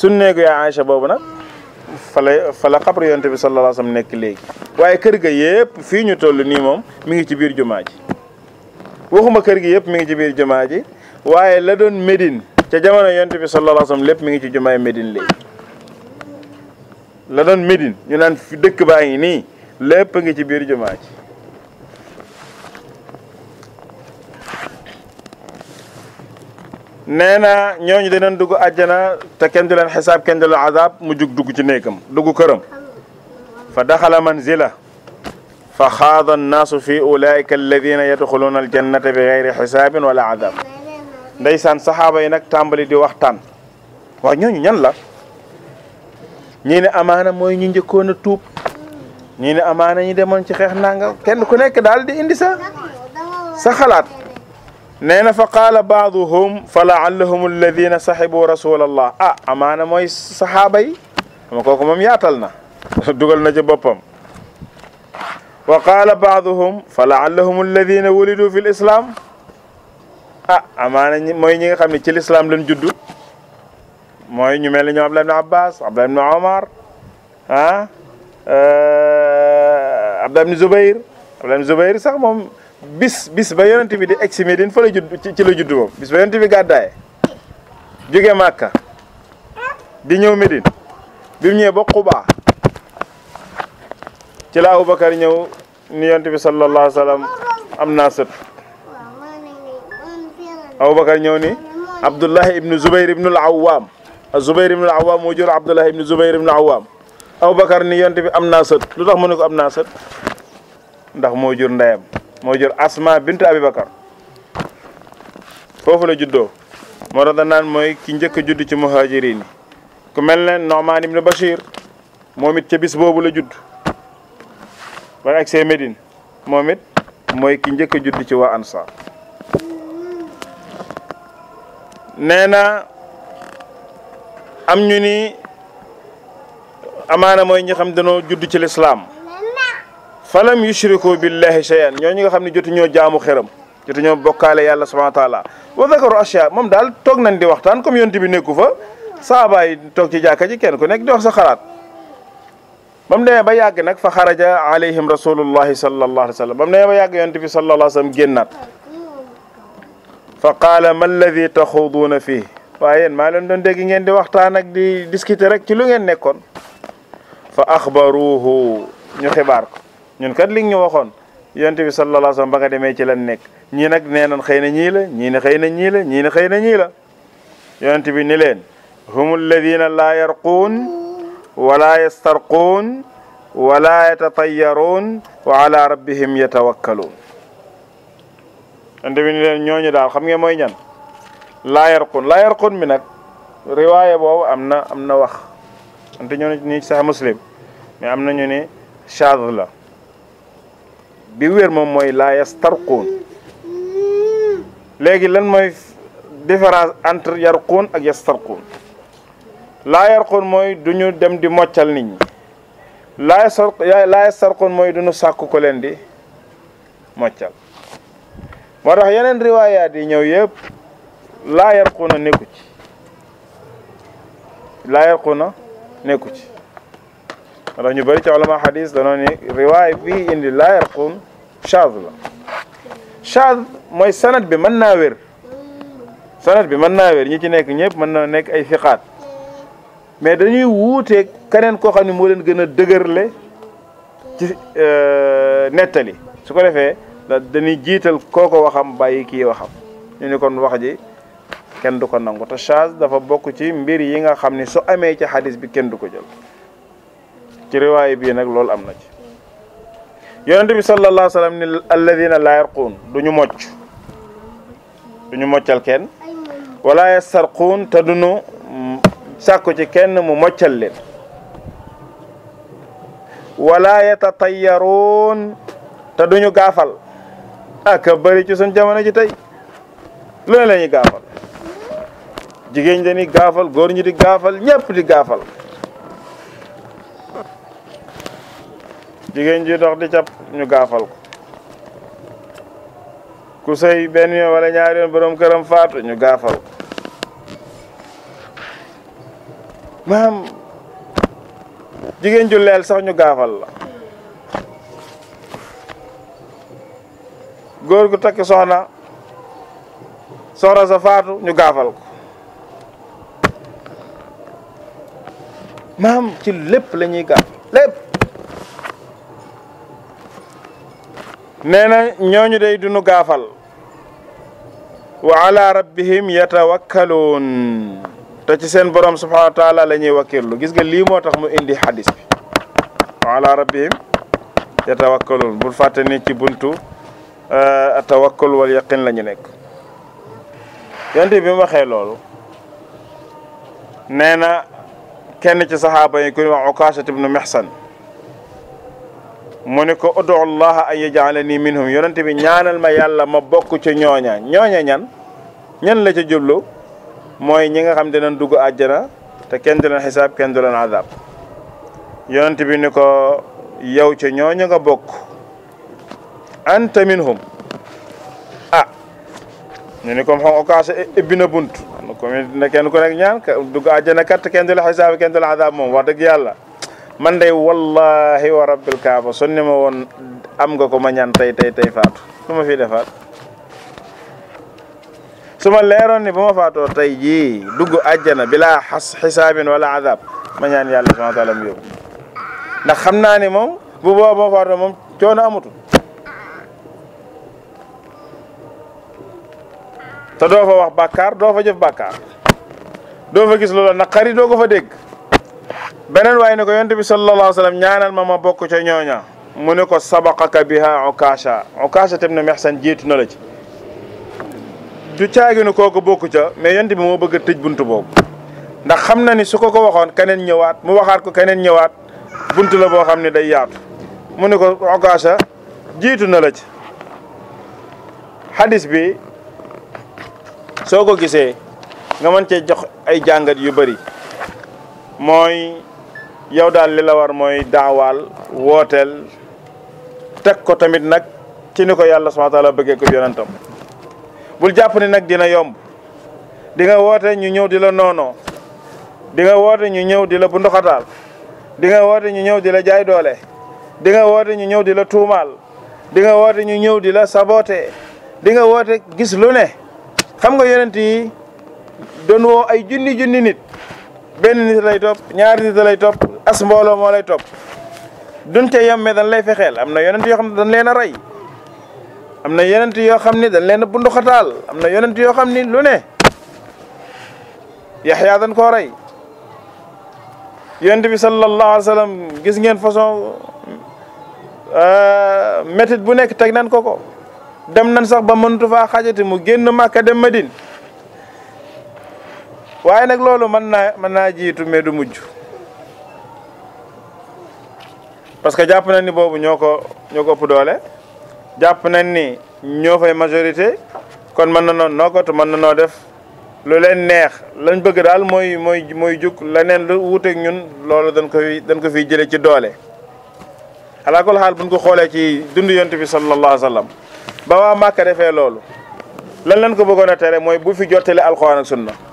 suñ néegu yaa Aïcha boobu nag fa la fa la xabru bi sallallahu alayhi nekk léegi waaye kër ga yëpp fii ñu toll nii moom mi ngi ci biir jumaa ji waxuma kër gi yëpp mi ngi ci biir jumaa ji waaye la doon Médine ca jamono yonent bi sallallahu lépp mi ngi ci jumaay Médine léegi la doon Médine ñu naan dëkk baa ngi nii lépp ngi ci biir jumaa ji nee na ñooñu dinañ dugg àjjana te kenn du leen xisaab kenn du leen mu jug dugg ci néegam dugg këram fa daxala manzila fa xaada annaasu fi ulaika alladina yadxuluuna aljannata bi gayri xisaabin wala azab saxaaba yi nag tàmbali di waxtaan waaw ñooñu ñan la ñii ne amaana mooy ñu njëkkoon a tuub ñii ne amaana ñu demoon ci xeex nanga kenn ku nekk daal di indi sa sa xalaat nee na fa qaala baaduhum fa laallahum alladina saxibu rasulallah ah amaana mooy saxaaba yi ama kooku moom yaatal na dugal na ci boppam wa qaala baaduhum fa laallahum alladina wulidu fi lislaam ah amaana mooy ñi nga xam ne ci lislaam lañ judd mooy ñu mel ni ñoom Abdullah ibn Abbas Abdullah ibn Omar ah eh, Abdullah ibn Zubair Abdullah ibn Zubair sax moom bis bis ba yonent bi di egg si Medine fa la judd ci la judd moom bis ba yonent bi gàddaaye jóge Màkka di ñëw Medine bi mu ñëwee ba Quba ci la Aboubacar ñëw ni yonent bi sallallahu alayhi am naa sët ñëw ni Abdullahi ibnu Zubayr ibnu al-Awwam Zubayr moo jur Abdullahi ibnu Zubayr ibnu ni yonent bi am naa sët lu tax mu am naa ndax moo jur ndeyam moo jur asma bintu abibakar foofu la juddoo moo tax naan mooy ki njëkk a judd ci muhajirin yi ku mel ne Nu'man ibnu Bachir moom it ci bis boobu la judd ba ak see mooy ki njëkk a judd ci waa ansar nee na am ñu ni amaana mooy ñi xam dañoo judd ci lislaam falam yushriku billahi shay'an ñoo ñi nga xam ne jotu ñoo jaamu xeram jotu ñoo bokkaale yàlla subhanahu wa taala wa zakaru ashya moom daal toog nañ di waxtaan comme yonent bi nekku fa saaba yi toog ci jàkka ji kenn ko nekk di wax sa xalaat ba mu demee ba yàgg nag fa xaraja alayhim rasulullahi sallallahu alayhi wa sallam ba mu demee ba yàgg yonent bi sallallahu alayhi wa sallam génnaat fa qaala ma alladi taxuduuna fii waaye yéen maa leen doon dégg ngeen di waxtaan ak di discuter rek ci lu ngeen nekkoon fa axbaruuhu ñu xibaar ko ñun kat li ñu waxoon yonent bi sallallahu alayhi wa sallam ba nga demee ci lan nekk ñii nag nee nañ xëy na ñii la ñii ne xëy na ñii la ñii ne xëy na ñii la yonent bi ni leen hum alladina laa yarquun wala yastarquun wala yatatayaruun wa ala rabbihim yatawakkaluun yonent bi ni leen ñooñu daal xam ngeen mooy ñan laa yarquun laa yarquun mi nag riwaaya boobu am na am na wax ante ñoo ni ci sax muslim mais am nañu ne chad la bi wér moom mooy laa yastarquun léegi lan mooy différence entre yarquun ak yastarquun laa yarquun mooy du ñu dem di moccal nit ñi laa laa yastarquun mooy du ñu sàkku ko leen di moccal moo tax yeneen riwaayaat yi ñëw yëpp laa yarquuna nekku ci laa yarquuna nekku ci moo tax ñu bëri ci ulama xadis danoo riwaay bii indi laa yarquun chaz la chaz mooy sanat bi mën naa wér sanat bi mën naa wér ñi ci nekk ñëpp mën na nekk ay fiqaat mais dañuy wuutee keneen koo xam ne moo leen gën a dëgërle ci euh, nettali su ko defee la dañuy jiital kooko waxam bàyyi kii waxam ñu ni kon wax ji kenn du ko nangu te chaz dafa bokk ci mbir yi nga xam ni su amee ci xadis bi kenn du ko jël ci riwaay bii nag loolu am na yonente bi sallallahu alayhi wa sallam ni alladina laa yarquun du ñu mocc du ñu moccal kenn wala yastarquun te du ñu sàkku ci kenn mu moccal leen wala yatatayaruun te du ñu gaafal ak bëri ci jamono ji tey lu ne la ñuy gaafal jigéen ñi dañuy gaafal góor ñi di gaafal ñëpp di gaafal jigéen ji dox di cap ñu gaafal ko ku sëy benn yoon wala ñaari yoon borom këram faatu ñu gaafal ko maam jigéen ju leel sax ñu gaafal la góor gu takk soxna soxna sa faatu ñu gaafal ko maam ci lépp la ñuy lépp nee na ñooñu day duñu gaafal wa ala rabbihim yatawakkaluun te ci seen borom subhanahu wa taala la ñuy wakkirlu gis nga lii moo tax mu indi xadis bi wa ala rabbihim yatawakkaluun bul fàtte ni ci buntu euh, tawakkul wal yaqin la ñu nekk yonent bi mu waxee loolu nee na kenn ci saxaaba yi ku ñu wax Ukaashat nu Mihsan mu ne ko udu llaha an yajalani minhum yonente bi ñaanal ma yàlla ma bokk ca ñooña ñooña ñan ñan la ca jublu mooy ñi nga xam dinañ dugg àjjana te kenn du leen kenn du leen azab yonente bi ni ko yow ca nga bokk anta minhum ah ñu ni comme xam okaasa ibbi na bunt na ko ne kenn ku nekk ñaan dugg àjjana kat kenn du la kenn du la azab moom wax dëgg yàlla man day wallahi wa rabbil kaaba su ne ma woon am nga ko ma ñaan tey tey tey ma fi defaat su ma leeroon ni ba ma faatoo tey jii dugg àjjana bilaa xas xisaabin wala azab ma ñaan yàlla subhaana mu yóbbu ndax xam naa ni moom bu boobaa ba ma faatoo moom coono amutul te doo fa wax bàkkaar doo fa jëf bàkkaar doo fa gis loola naqari doo ko fa dégg beneen waaye ne ko yonent bi sallallahu alayhi wa sallam ñaanal ma ma bokk ca ñooña mu ne ko sabaqaka biha Ukaasha Ukaasha tam ne Mihsan jiitu na la ci du caaginu kooku bokk ca mais yonent bi moo bëgg a tëj buntu boobu ndax xam na ni su ko ko waxoon keneen ñëwaat mu waxaat ko keneen ñëwaat buntu la boo xam ne day yaatu mu ne ko Ukaasha jiitu na la ci hadis bi soo ko gisee nga mën cee jox ay jàngat yu bëri mooy yow daal li la war mooy daawaal wooteel teg ko tamit nag ci ni ko yàlla subhaana taala bëggee ko yonentam bul jàpp ni nag dina yomb di nga woote ñu ñëw di la noonoo di nga woote ñu ñëw di la bu ndoxataal di nga woote ñu ñëw di la jaay doole di nga woote ñu ñëw di la tuumaal di nga woote ñu ñëw di la saboté di nga woote gis lu ne xam nga yonent yi doon woo ay junni junni nit benn nit lay topp ñaari nit lay topp as mbooloo moo lay topp dunte yem mais dañ lay fexeel am na yonent yoo xam ne dañ leen a rey am na yonent xam ni dañ leen a bunduxataal am na yonent yoo xam ni lu ne yaxyaa dañ ko rey yonent bi sallallahu alayhi wa sallam gis ngeen façon euh, métit bu nekk teg nañ ko ko dem nañ sax ba mëntu faa xajati mu génn Màkka dem Madine waaye nag loolu mën naa mën naa jiitu me du mujj parce que jàpp nañ ni boobu ñoo ko ñoo ko ëpp doole jàpp nañ ni ñoo fay majorité kon mën na noo nokkatu mën na noo def lu leen neex lañ bëgg daal mooy mooy mooy jug leneen lu wuuteeg ñun loolu dañ ko fi dañ ko fiy jëlee ci doole. alaakul xaal bu buñ ko xoolee ci dund yonent bi sallallahu alayhi wa sallam ba waa Màkka defee loolu lan lañ ko bëggoon a tere mooy bu fi jottali alxuraan ak sunna